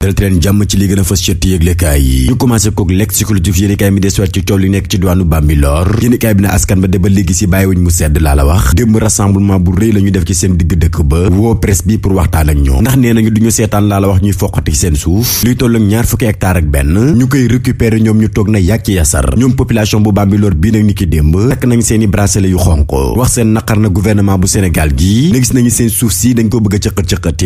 te leen jàmm ci li gën a fës ci yëglekaay yi ñu commencé kook l'exécutif yéenekaay mi des waat ci coow li nekk ci diwaanu Bambilor yéenekaay bi na askan ba de ba léegi si bàyyiwuñ mu sedd laa la wax démb rassemblement bu rëy la def ci seen digg dëkk ba woo presse bi pour waxtaan ak ñoom ndax nee nañu duñu seetaan laa la wax ñuy foqati seen suuf luy toll ñaar fukki hectare ak benn ñu koy récupérer ñoom ñu toog na yàgg yasar ñoom population si ko bëgg a cëqat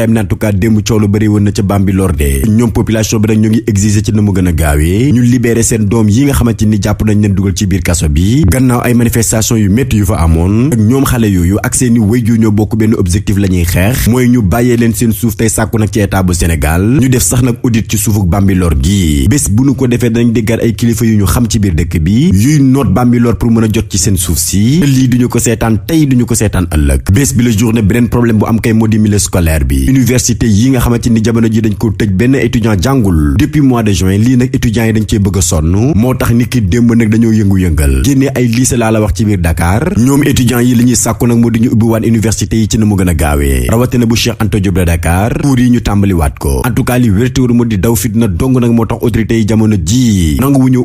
yéenekaay bi en tout cas démb coow lu bëri woon na ca Bambilor de ñoom population bi nag ñu ngi exiger ci na mu gën a gaawee ñu libéré seen doom yi nga xamante ni jàpp nañ leen dugal ci biir kaso bi gannaaw ay manifestation yu métti yu fa amoon ak ñoom xale yooyu ak seeni wéyju ñoo bokk benn objectif la ñuy xeex mooy ñu bàyyee leen seen suuf tey sàkku nag ci état bu Sénégal ñu def sax nag audit ci suufuk Bambilor gi bés bu ñu ko defee danañ déggaat ay kilifa yu ñu xam ci biir dëkk bi yuy noot Bambilor pour mën a jot ci seen suuf si lii duñu ko seetaan tey duñu ko seetaan ëllëg bés bi la journée beneen problème bu am kay bi université yi nga xamante ni jamono ji dañ ko tëj benn étudiant jàngul depuis mois de juin lii nag étudiants yi dañ cee bëgg sonn moo tax ni ki démb nag dañoo yëngu-yëngal génnee ay lycée laa la wax ci biir Dakar ñoom étudiants yi li sàkku nag moo di ñu ubbi waat université yi ci na mu gën a gaawee rawatina bu Cheikh Anta de Dakar cours yi ñu tàmbaliwaat ko en tout moo di daw fitna dong nag moo tax autorités yi jamono ji nangu wu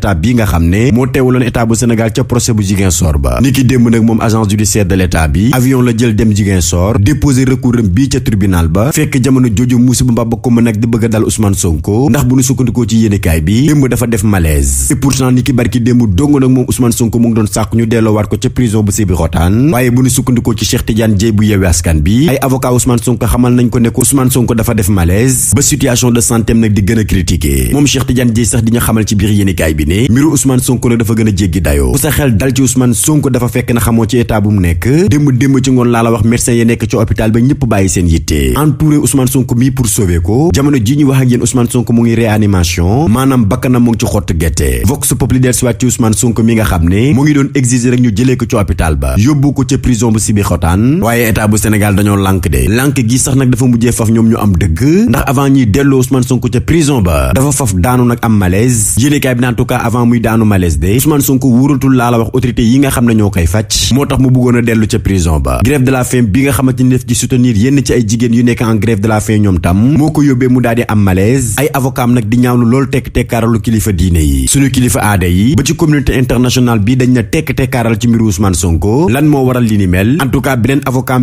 état bi nga xam ne moo teewaloon état bu Sénégal ca procès bu Ziguinchor ba ni démb nag moom agence judiciaire de l' état bi avion la jël dem Ziguinchor déposé recours am ca tribunal ba fekk jamono jooju musiba mbaa bokk ma nag di bëgg a dal Ousmane Sonko ndax bu ñu sukkandikoo ci yéenekaay bi démb dafa def malaise et pourtant ni barki démb dong nag moom Ousmane Sonko mu ngi doon sàkk ñu delloowaat ko ca prison bu Sébikotane waaye bu ñu sukkandikoo bi ne mbiru Ousmane Sonko nag dafa gën a jéggi dayoo bu sa xel dal ci Ousmane Sonko dafa fekk na xamoo ci état mu nekk démb démb ci ngoon laa wax médecin yi nekk ci hôpital ba ñëpp bàyyi seen yitte entouré Ousmane Sonko mi nga xam ne mu ngi doon exiger rek ñu jëlee ko ci hôpital ba yóbbu ko ca prison bu Sébikotane waaye état Sénégal dañoo lànk de lànk gi sax nag dafa mujjee faf ñoom ñu am dëgg ndax avant ñuy delloo Ousmane Sonko ca prison ba dafa faf daanu nag avant muy daanu malaise de Ousmane Sonko wóoratul laa la wax autorité yi nga xam ne ñoo koy fàcc moo tax mu bëggoon a dellu ca prison ba grève de la faim bi nga xamante ni def ci soutenir yenn ci ay jigéen yu nekk en grève de la faim ñoom tam moo ko yóbbee mu daal di am malaise ay avocat nag di ñaawlu loolu tekk tekkaaralu kilifa diine yi suñu kilifa aada yi ba ci communauté internationale bi dañ na tekk tekkaaral ci mbiru Ousmane Sonko lan moo waral li ni mel en tout cas beneen avocat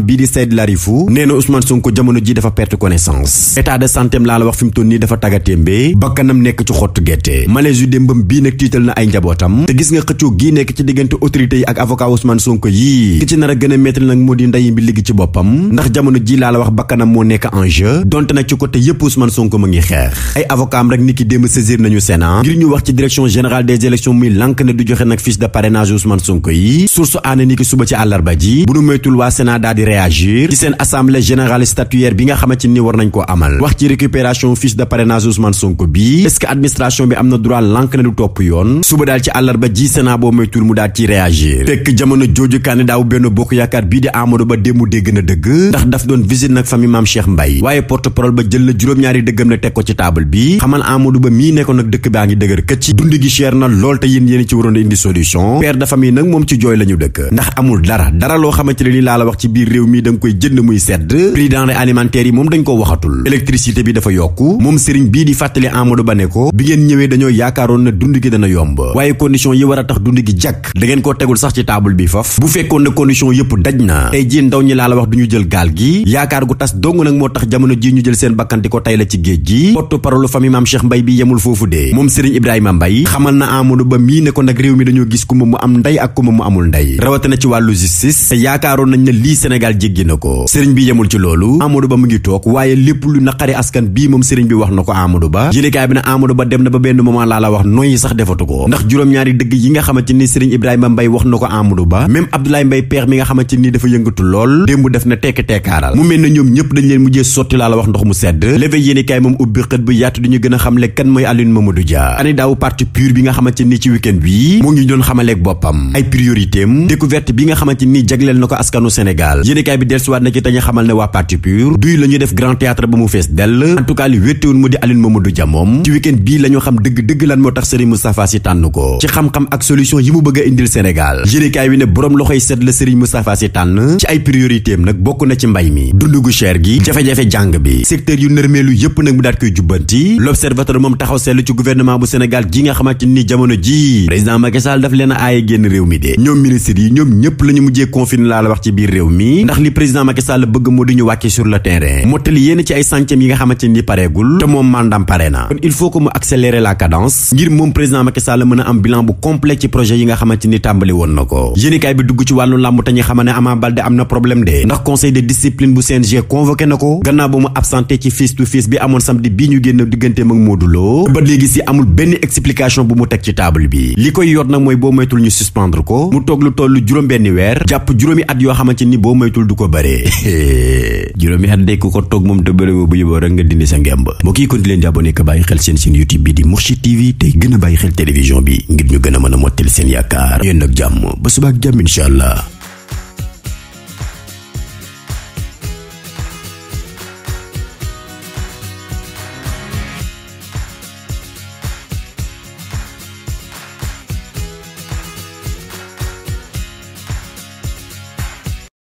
am bii nekk tiital na ay njabootam te gis nga xëccoo gii nekk ci diggante autorité yi ak avocat Ousmane Sonko yii ki ci nar a nag moo di ndey bi liggi ci boppam ndax jamono ji laa wax bakkanam moo nekk en jeu donte nag ci côté yépp Ousmane Sonko mu ngi xeex ay avocat am rek niki démb saisir nañu Sénat ngir ñu wax ci direction générale des élections muy lànk ne du joxe nag fiche de parrainage Ousmane Sonko yi source aane niki suba ci àllarba ji bu nu moytul topp yoon suba daal ci àllarba ji Sénat boo moytuwul mu daal ci réagir fekk jamono jooju candidat wu benn bokk yaakaar bii di Amadou Ba démb dégg na dëgg ndax daf doon visite nag famille maam Cheikh Mbaye waaye porte ba jël na juróom-ñaari dëggam nag teg ko ci taabal bi xamal Amadou Ba mii nekkoon nag dëkk baa ngi dëgër këcc dund gi cher na lool te yéen yéen ci waroon a solution père de famille nag moom ci jooy la dëkk ndax amul dara dara loo xamante ne gi dana yomb waaye condition yi war a tax dund gi jàkk da ngeen koo tegul sax ci table bi faf bu fekkoon ne condition yëpp daj na tey jii ndaw ñi laa wax du jël gaal gi yaakaar gu tas dong nag moo tax jamono ji ñu jël seen bakkante ko tay la ci géej gi porte-parole famille maam Cheikh Mbaye bi yemul foofu de moom Serigne Ibrahima Mbaye xamal na Amadou Ba mii ne ko nag réew mi dañoo gis kumba mu am ndey ak kumba mu amul ndey rawatina ci wàllu justice te yaakaaroon sax defatu ko ndax juróom-ñaari dëgg yi nga xamante ni Serigne Ibrahima Mbaye wax na ko Amadou Ba même Abdoulaye Mbaye père mi nga xamante ni dafa yëngatu lool démb def na tekk tekkaaral mu mel na ñoom ñëpp dañ leen mujjee sotti laa la wax ndox mu sedd levé yéeni moom ubbi xët bu yaatu di ñu gën a xamle mooy Alioune Mamadou Dia ani parti pur duy la def grand théâtre ba mu fees dell en tout mu di Alioune Mamadou Dia moom ci week-end Moustapha Sy tànn ko ci xam-xam ak solution yi mu bëgg a indil Sénégal yéenekaay wi ne boroom loxoy set la Serigne Moustapha Sy tànn ci ay priorité nag bokk na ci mbay mi dund gu cher gi jafe-jafe jàng bi secteur yu nërmeelu yépp nag mu daat koy jubbanti l'observateur moom taxaw seetlu ci gouvernement bu Sénégal gi nga xamante ni jamono ji président Macky Sall daf leen a aaye génn réew mi de ñoom ministre yi ñoom ñëpp la ñu mujjee confine laa la wax ci biir réew mi n li président Macky Sall bëgg moo di ñu wàcce sur le terrain mottali yéen ci ay président Macky Sall mën a am bilan bu complet ci projet yi bi dugg ba mu absenté ci face to face bi génn diggante mag Modou Lo ba léegi si amul benn explication bu mu teg ci table bi li koy yor nag mooy boo moytul ñu suspendre ko mu toog lu toll juróom-benni weer jàpp juróomi at yoo xamante ni boo moytul du ko bëree juróomi at day ku ko toog moom te bëree bu yóbboo rek nga dindi sa ngemb mbokk yi continué leen di abonné ka bàyyi xel seen seen YouTube bi di Mourchid TV tey gën a bàyyi bàyyi xel télévision bi ngir ñu gën a mën a mottali seen yaakaar yéen nag jàmm ba suba ak jàmm incha allah